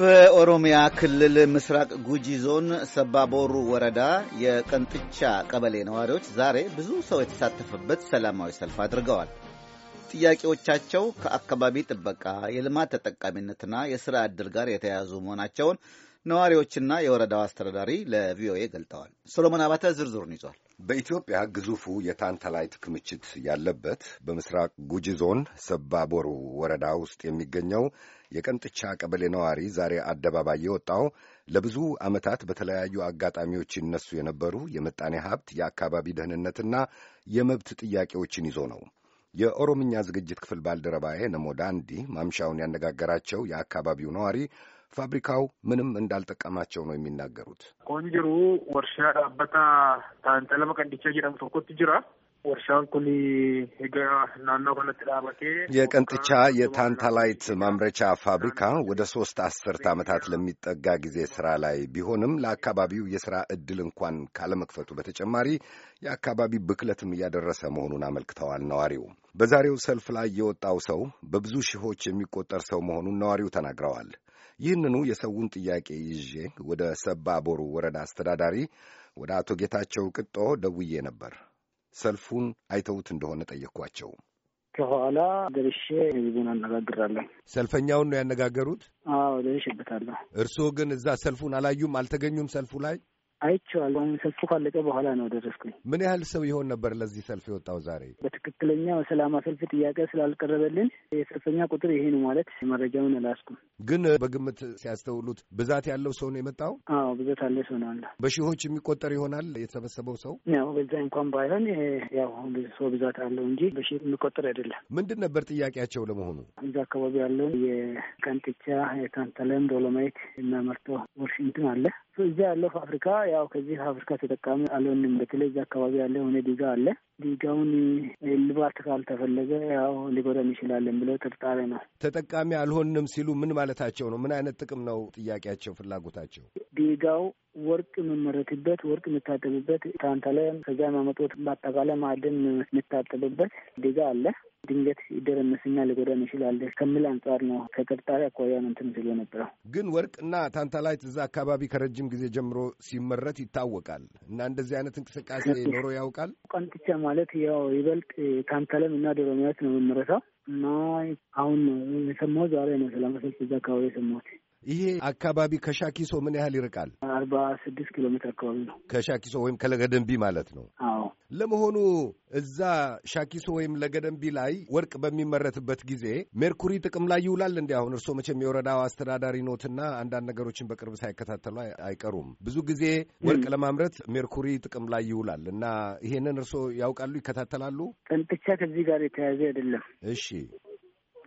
በኦሮሚያ ክልል ምስራቅ ጉጂ ዞን ሰባቦሩ ወረዳ የቀንጥቻ ቀበሌ ነዋሪዎች ዛሬ ብዙ ሰው የተሳተፈበት ሰላማዊ ሰልፍ አድርገዋል። ጥያቄዎቻቸው ከአካባቢ ጥበቃ፣ የልማት ተጠቃሚነትና የሥራ ዕድል ጋር የተያያዙ መሆናቸውን ነዋሪዎችና የወረዳው አስተዳዳሪ ለቪኦኤ ገልጠዋል። ሶሎሞን አባተ ዝርዝሩን ይዟል። በኢትዮጵያ ግዙፉ የታንታላይት ክምችት ያለበት በምስራቅ ጉጂ ዞን ሰባቦሩ ወረዳ ውስጥ የሚገኘው የቀንጥቻ ቀበሌ ነዋሪ ዛሬ አደባባይ የወጣው ለብዙ ዓመታት በተለያዩ አጋጣሚዎች ይነሱ የነበሩ የመጣኔ ሀብት፣ የአካባቢ ደህንነትና የመብት ጥያቄዎችን ይዞ ነው። የኦሮምኛ ዝግጅት ክፍል ባልደረባዬ ነሞዳ እንዲህ ማምሻውን ያነጋገራቸው የአካባቢው ነዋሪ ፋብሪካው ምንም እንዳልጠቀማቸው ነው የሚናገሩት። ቆንጅሩ ወርሻ ዳበታ ጅረም ቀንዲቻ ጅራ warshaan kun egaa naannoo kanatti የቀንጥቻ የታንታላይት ማምረቻ ፋብሪካ ወደ ሶስት አስርት ዓመታት ለሚጠጋ ጊዜ ስራ ላይ ቢሆንም ለአካባቢው የስራ እድል እንኳን ካለመክፈቱ በተጨማሪ የአካባቢ ብክለትም እያደረሰ መሆኑን አመልክተዋል ነዋሪው። በዛሬው ሰልፍ ላይ የወጣው ሰው በብዙ ሺዎች የሚቆጠር ሰው መሆኑን ነዋሪው ተናግረዋል። ይህንኑ የሰውን ጥያቄ ይዤ ወደ ሰባ ቦሩ ወረዳ አስተዳዳሪ ወደ አቶ ጌታቸው ቅጦ ደውዬ ነበር። ሰልፉን አይተውት እንደሆነ ጠየኳቸው። ከኋላ ደርሼ ህዝቡን አነጋግራለሁ። ሰልፈኛውን ነው ያነጋገሩት? አዎ ደርሼበታለሁ። እርስዎ ግን እዛ ሰልፉን አላዩም? አልተገኙም ሰልፉ ላይ? አይቼዋለሁ። ሰልፉ ካለቀ በኋላ ነው ደረስኩኝ። ምን ያህል ሰው ይሆን ነበር ለዚህ ሰልፍ የወጣው? ዛሬ በትክክለኛ ሰላማ ሰልፍ ጥያቄ ስላልቀረበልን የሰልፈኛ ቁጥር ይሄ ነው ማለት መረጃውን አላስኩም። ግን በግምት ሲያስተውሉት ብዛት ያለው ሰው ነው የመጣው? አዎ ብዛት ያለ ሰው ነው አለ። በሺዎች የሚቆጠር ይሆናል የተሰበሰበው ሰው። ያው በዛ እንኳን ባይሆን ያው ሰው ብዛት አለው እንጂ በሺ የሚቆጠር አይደለም። ምንድን ነበር ጥያቄያቸው ለመሆኑ? እዛ አካባቢ ያለውን የቀንጥቻ የታንተለም ዶሎማይት እና መርቶ ወርሽንትን አለ እዚያ ያለው ፋብሪካ ያው ከዚህ ፋብሪካ ተጠቃሚ አልሆንም። በተለይ እዚያ አካባቢ ያለ የሆነ ዲጋ አለ። ዲጋውን ልባት ካልተፈለገ ያው ሊጎዳን ይችላለን ብለው ጥርጣሬ ነው። ተጠቃሚ አልሆንም ሲሉ ምን ማለታቸው ነው? ምን አይነት ጥቅም ነው ጥያቄያቸው፣ ፍላጎታቸው? ዲጋው ወርቅ የምመረትበት ወርቅ የምታጠብበት ላይ ከዚያ ማመጦት በአጠቃላይ ማዕድን የምታጠብበት ዲጋ አለ ድንገት ይደረመስና ሊጎዳን ይችላል ከሚል አንጻር ነው። ከጥርጣሬ አኳያ ነው እንትን ሲሉ የነበረው። ግን ወርቅ እና ታንታላይት እዛ አካባቢ ከረጅም ጊዜ ጀምሮ ሲመረት ይታወቃል እና እንደዚህ አይነት እንቅስቃሴ ኖሮ ያውቃል። ቋንጥቻ ማለት ያው ይበልጥ ታንታለም እና ዶሮሚያት ነው የሚመረታው እና አሁን የሰማሁት ዛሬ ነው ሰላም እዛ አካባቢ የሰማሁት። ይሄ አካባቢ ከሻኪሶ ምን ያህል ይርቃል? አርባ ስድስት ኪሎ ሜትር አካባቢ ነው ከሻኪሶ ወይም ከለገደንቢ ማለት ነው። አዎ። ለመሆኑ እዛ ሻኪሶ ወይም ለገደንቢ ላይ ወርቅ በሚመረትበት ጊዜ ሜርኩሪ ጥቅም ላይ ይውላል? እንዲ አሁን እርስዎ መቼም የወረዳው አስተዳዳሪ ኖትና አንዳንድ ነገሮችን በቅርብ ሳይከታተሉ አይቀሩም። ብዙ ጊዜ ወርቅ ለማምረት ሜርኩሪ ጥቅም ላይ ይውላል እና ይሄንን እርስዎ ያውቃሉ፣ ይከታተላሉ? ጠንጥቻ ከዚህ ጋር የተያያዘ አይደለም። እሺ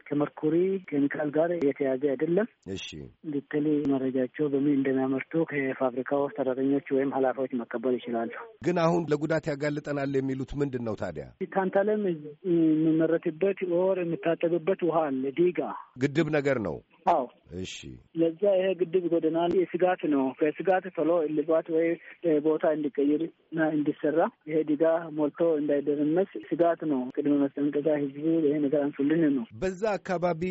ከመርኩሪ ኬሚካል ጋር የተያዘ አይደለም። እሺ ልትል መረጃቸው በምን እንደሚያመርቱ ከፋብሪካ ውስጥ ሰራተኞች ወይም ኃላፊዎች መቀበል ይችላሉ። ግን አሁን ለጉዳት ያጋልጠናል የሚሉት ምንድን ነው ታዲያ? ታንታለም የሚመረትበት ወር የምታጠብበት ውሃ አለ። ዲጋ ግድብ ነገር ነው። አዎ እሺ። ለዛ ይሄ ግድብ ጎደናል የስጋት ነው። ከስጋት ቶሎ ልባት ወይ ቦታ እንዲቀይር እና እንዲሰራ ይሄ ዲጋ ሞልቶ እንዳይደረመስ ስጋት ነው። ቅድመ መስጠንቀቂያ ህዝቡ ይሄ ነገር አንሱልን ነው። በዛ አካባቢ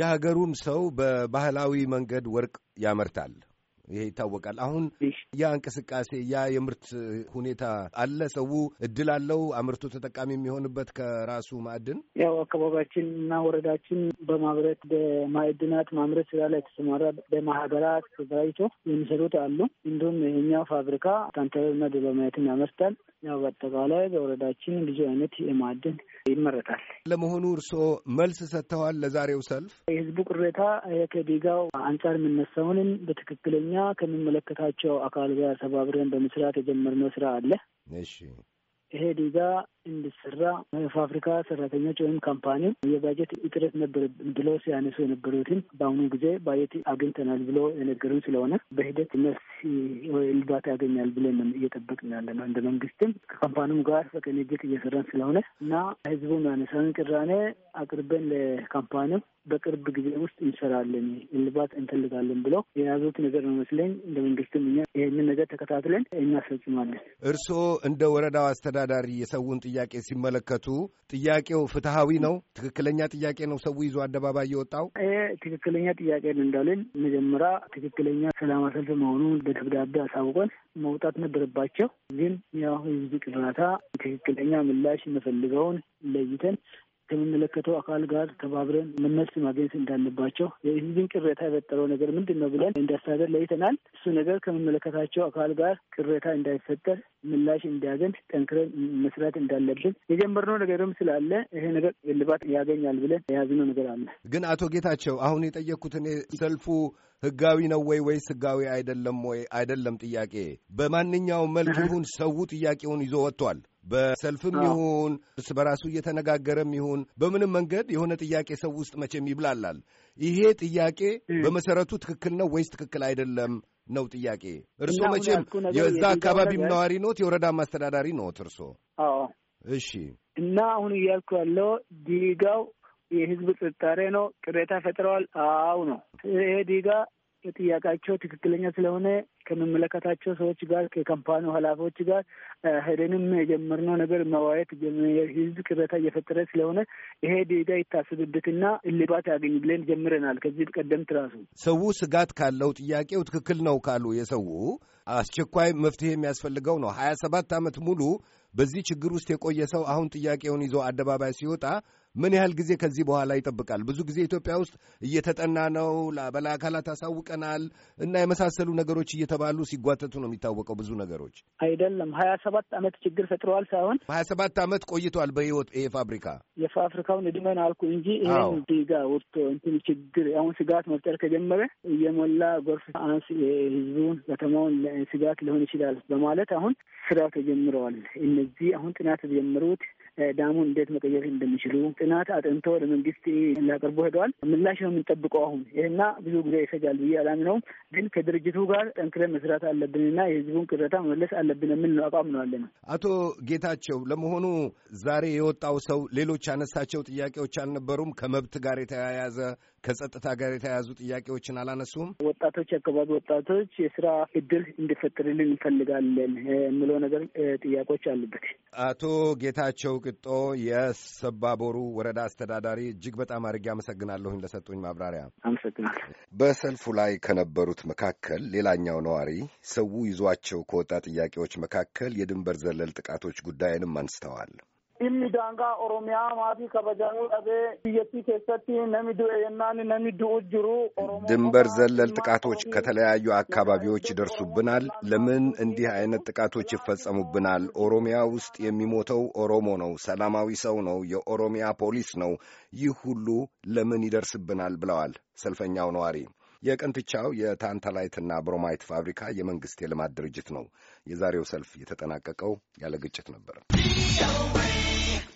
የሀገሩም ሰው በባህላዊ መንገድ ወርቅ ያመርታል። ይሄ ይታወቃል። አሁን ያ እንቅስቃሴ ያ የምርት ሁኔታ አለ። ሰው እድል አለው አምርቶ ተጠቃሚ የሚሆንበት ከራሱ ማዕድን ያው አካባቢያችን እና ወረዳችን በማምረት በማዕድናት ማምረት ስራ ላይ የተሰማራ በማህበራት ተዘጋጅቶ የሚሰሩት አሉ። እንዲሁም ይሄኛው ፋብሪካ ታንተርና ዶሎማይትን ያመርታል። ያው በአጠቃላይ በወረዳችን ብዙ አይነት የማዕድን ይመረታል። ለመሆኑ እርስዎ መልስ ሰጥተዋል ለዛሬው ሰልፍ የህዝቡ ቅሬታ ከዲጋው አንጻር የምነሳውንም በትክክለኛ ከሚመለከታቸው አካል ጋር ተባብረን በመስራት የጀመርነው ስራ አለ። እሺ ይሄ ዲጋ እንድሰራ ፋብሪካ ሰራተኞች ወይም ካምፓኒ የባጀት እጥረት ነበር ብሎ ሲያነሱ የነበሩትን በአሁኑ ጊዜ ባጀት አግኝተናል ብሎ የነገሩን ስለሆነ በሂደት መልስ እልባት ያገኛል ብለን እየጠበቅን ያለ ነው። እንደ መንግስትም ከካምፓኒም ጋር በቅንጅት እየሰራን ስለሆነ እና ህዝቡን ያነሳውን ቅራኔ አቅርበን ለካምፓኒው በቅርብ ጊዜ ውስጥ እንሰራለን፣ እልባት እንፈልጋለን ብሎ የያዙት ነገር ነው መስለኝ። እንደ መንግስትም እኛ ይህንን ነገር ተከታትለን እናስፈጽማለን። እርስዎ እንደ ወረዳው አስተዳዳሪ የሰውን ጥያቄ ሲመለከቱ ጥያቄው ፍትሐዊ ነው፣ ትክክለኛ ጥያቄ ነው፣ ሰው ይዞ አደባባይ የወጣው ይሄ ትክክለኛ ጥያቄ እንዳልን መጀመሪያ ትክክለኛ ሰላማዊ ሰልፍ መሆኑን በደብዳቤ አሳውቀን መውጣት ነበረባቸው። ግን ያው ህዝብ ቅራታ ትክክለኛ ምላሽ የምፈልገውን ለይተን ከሚመለከተው አካል ጋር ተባብረን መመልስ ማግኘት እንዳለባቸው የህዝብን ቅሬታ የፈጠረው ነገር ምንድን ነው ብለን እንዳስተዳደር ለይተናል። እሱ ነገር ከሚመለከታቸው አካል ጋር ቅሬታ እንዳይፈጠር ምላሽ እንዲያገኝ ጠንክረን መስራት እንዳለብን የጀመርነው ነገርም ስላለ ይሄ ነገር እልባት ያገኛል ብለን የያዝነው ነገር አለ። ግን አቶ ጌታቸው አሁን የጠየቅኩት እኔ ሰልፉ ህጋዊ ነው ወይ ወይስ ህጋዊ አይደለም ወይ አይደለም ጥያቄ በማንኛውም መልክ ይሁን ሰው ጥያቄውን ይዞ ወጥቷል። በሰልፍም ይሁን እርስ በራሱ እየተነጋገረም ይሁን በምንም መንገድ የሆነ ጥያቄ ሰው ውስጥ መቼም ይብላላል። ይሄ ጥያቄ በመሰረቱ ትክክል ነው ወይስ ትክክል አይደለም ነው ጥያቄ። እርስዎ መቼም የዛ አካባቢም ነዋሪ ኖት፣ የወረዳም አስተዳዳሪ ኖት እርስዎ። እሺ። እና አሁን እያልኩ ያለው ዲጋው የህዝብ ጥርጣሬ ነው። ቅሬታ ፈጥረዋል። አው ነው። ይሄ ዲጋ ጥያቄያቸው ትክክለኛ ስለሆነ ከሚመለከታቸው ሰዎች ጋር ከካምፓኒ ኃላፊዎች ጋር ሄደንም የጀመርነው ነገር መዋየት ህዝብ ቅሬታ እየፈጠረ ስለሆነ ይሄ ዴጋ ይታስብበትና እልባት ያገኝ ብለን ጀምረናል። ከዚህ ቀደም ትራሱ ሰው ስጋት ካለው ጥያቄው ትክክል ነው ካሉ የሰው አስቸኳይ መፍትሄ የሚያስፈልገው ነው። ሀያ ሰባት ዓመት ሙሉ በዚህ ችግር ውስጥ የቆየ ሰው አሁን ጥያቄውን ይዞ አደባባይ ሲወጣ ምን ያህል ጊዜ ከዚህ በኋላ ይጠብቃል? ብዙ ጊዜ ኢትዮጵያ ውስጥ እየተጠና ነው፣ በአካላት አሳውቀናል እና የመሳሰሉ ነገሮች እየተባሉ ሲጓተቱ ነው የሚታወቀው። ብዙ ነገሮች አይደለም ሀያ ሰባት አመት ችግር ፈጥረዋል ሳይሆን ሀያ ሰባት ዓመት ቆይቷል በህይወት ይሄ ፋብሪካ የፋብሪካውን እድሜን አልኩ እንጂ ይሄን ዲጋ ወጥቶ እንትን ችግር አሁን ስጋት መፍጠር ከጀመረ እየሞላ ጎርፍ አንስ ህዝቡን ከተማውን ስጋት ሊሆን ይችላል በማለት አሁን ስራ ተጀምረዋል። እነዚህ አሁን ጥናት ተጀምሩት ዳሙን እንዴት መቀየር እንደሚችሉ ጥናት አጥንቶ ለመንግስት ሊያቀርቡ ሄደዋል። ምላሽ ነው የምንጠብቀው። አሁን ይህና ብዙ ጊዜ ይፈጃል ብዬ አላምነውም፣ ግን ከድርጅቱ ጋር ጠንክረን መስራት አለብንና የህዝቡን ቅሬታ መመለስ አለብን የሚል ነው አቋም ነው ነው። አቶ ጌታቸው፣ ለመሆኑ ዛሬ የወጣው ሰው ሌሎች ያነሳቸው ጥያቄዎች አልነበሩም? ከመብት ጋር የተያያዘ ከጸጥታ ጋር የተያያዙ ጥያቄዎችን አላነሱም? ወጣቶች አካባቢ ወጣቶች የስራ እድል እንዲፈጠርልን እንፈልጋለን የምለው ነገር ጥያቄዎች አሉበት። አቶ ጌታቸው ቅጦ የሰባቦሩ ወረዳ አስተዳዳሪ እጅግ በጣም አድርጌ አመሰግናለሁኝ ለሰጡኝ ማብራሪያ አመሰግናለሁ። በሰልፉ ላይ ከነበሩት መካከል ሌላኛው ነዋሪ ሰው ይዟቸው ከወጣ ጥያቄዎች መካከል የድንበር ዘለል ጥቃቶች ጉዳይንም አንስተዋል። dhimmi daangaa oromiyaa maatii kabajamuu dhabee biyyattii keessatti namni du'e yennaan namni du'u jiru ድንበር ዘለል ጥቃቶች ከተለያዩ አካባቢዎች ይደርሱብናል። ለምን እንዲህ አይነት ጥቃቶች ይፈጸሙብናል? ኦሮሚያ ውስጥ የሚሞተው ኦሮሞ ነው፣ ሰላማዊ ሰው ነው፣ የኦሮሚያ ፖሊስ ነው። ይህ ሁሉ ለምን ይደርስብናል? ብለዋል ሰልፈኛው ነዋሪ። የቀንትቻው የታንታላይትና ብሮማይት ፋብሪካ የመንግስት የልማት ድርጅት ነው። የዛሬው ሰልፍ የተጠናቀቀው ያለ ግጭት ነበር።